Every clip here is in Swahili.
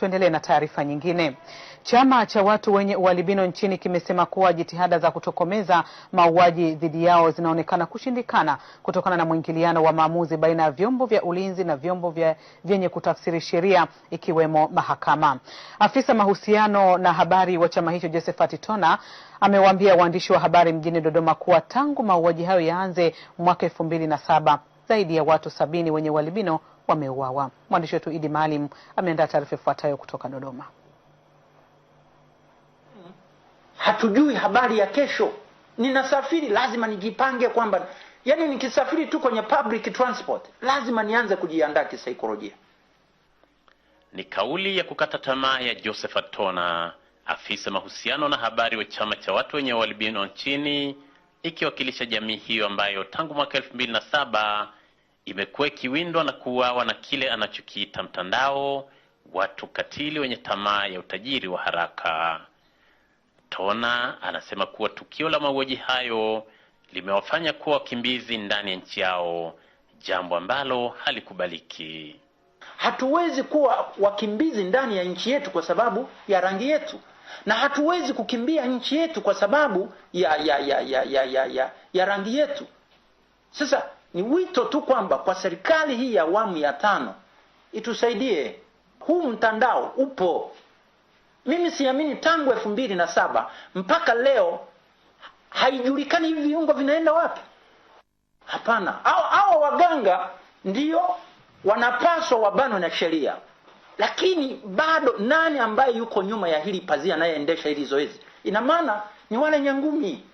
tuendelee na taarifa nyingine. Chama cha watu wenye ualbino nchini kimesema kuwa jitihada za kutokomeza mauaji dhidi yao zinaonekana kushindikana kutokana na mwingiliano wa maamuzi baina ya vyombo vya ulinzi na vyombo vya vyenye kutafsiri sheria ikiwemo mahakama. Afisa mahusiano na habari wa chama hicho Josephat Tona amewaambia waandishi wa habari mjini Dodoma kuwa tangu mauaji hayo yaanze mwaka elfu mbili na saba zaidi ya watu sabini wenye ualbino wameuawa. Mwandishi wetu Idi Maalim ameandaa taarifa ifuatayo kutoka Dodoma. Hatujui habari ya kesho, ninasafiri lazima nijipange kwamba yani nikisafiri tu kwenye public transport lazima nianze kujiandaa kisaikolojia. Ni kauli ya kukata tamaa ya Joseph atona afisa mahusiano na habari wa chama cha watu wenye ualbino nchini, ikiwakilisha jamii hiyo ambayo tangu mwaka elfu mbili na saba imekuwa ikiwindwa na kuuawa na kile anachokiita mtandao, watu katili wenye tamaa ya utajiri wa haraka. Tona anasema kuwa tukio la mauaji hayo limewafanya kuwa wakimbizi ndani ya nchi yao, jambo ambalo halikubaliki. Hatuwezi kuwa wakimbizi ndani ya nchi yetu kwa sababu ya rangi yetu, na hatuwezi kukimbia nchi yetu kwa sababu ya ya ya ya ya ya, ya, ya rangi yetu. Sasa ni wito tu kwamba kwa serikali hii ya awamu ya tano itusaidie. Huu mtandao upo, mimi siamini tangu elfu mbili na saba mpaka leo haijulikani hivi viungo vinaenda wapi. Hapana, hawa waganga ndio wanapaswa wabanwe na sheria, lakini bado nani ambaye yuko nyuma ya hili pazia anayeendesha hili zoezi? Ina maana ni wale nyangumi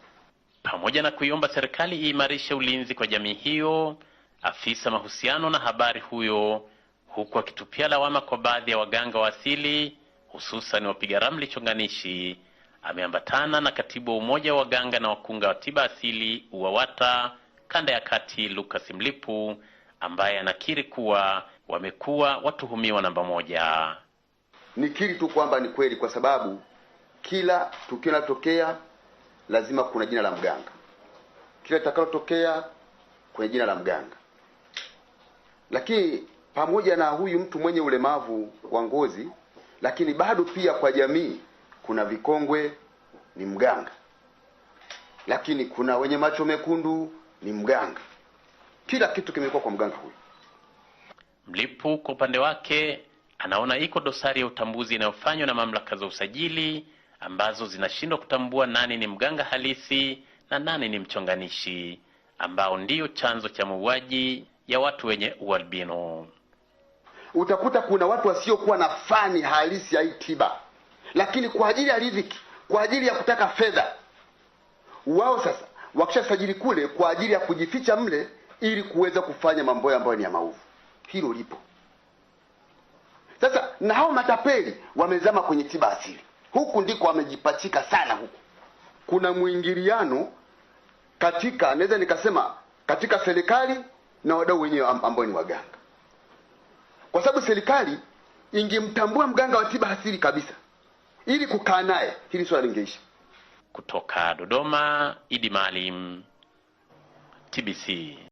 pamoja na kuiomba serikali iimarishe ulinzi kwa jamii hiyo. Afisa mahusiano na habari huyo huku akitupia lawama kwa baadhi ya waganga wa asili hususan wapiga ramli chonganishi, ameambatana na katibu wa umoja wa waganga na wakunga wa tiba asili UWAWATA kanda ya kati Lucas Mlipu ambaye anakiri kuwa wamekuwa watuhumiwa namba moja. Nikiri tu kwamba ni kweli, kwa sababu kila tukio linatokea lazima kuna jina la mganga. Kila litakalotokea kwenye jina la mganga. Lakini pamoja na huyu mtu mwenye ulemavu wa ngozi, lakini bado pia kwa jamii kuna vikongwe ni mganga, lakini kuna wenye macho mekundu ni mganga. Kila kitu kimekuwa kwa mganga huyu. Mlipu kwa upande wake anaona iko dosari ya utambuzi inayofanywa na mamlaka za usajili ambazo zinashindwa kutambua nani ni mganga halisi na nani ni mchonganishi, ambao ndiyo chanzo cha mauaji ya watu wenye ualbino. Utakuta kuna watu wasiokuwa na fani halisi ya hii tiba, lakini kwa ajili ya riziki, kwa ajili ya kutaka fedha, wao sasa wakishasajili kule kwa ajili ya kujificha mle, ili kuweza kufanya mambo ambayo ni ya maovu. Hilo lipo sasa, na hao matapeli wamezama kwenye tiba asili. Huku ndiko amejipachika sana, huku kuna mwingiliano katika, naweza nikasema katika serikali na wadau wenyewe ambao ni waganga, kwa sababu serikali ingemtambua mganga wa tiba asili kabisa ili kukaa naye, hili swala lingeisha. Kutoka Dodoma, Idi Maalim, TBC.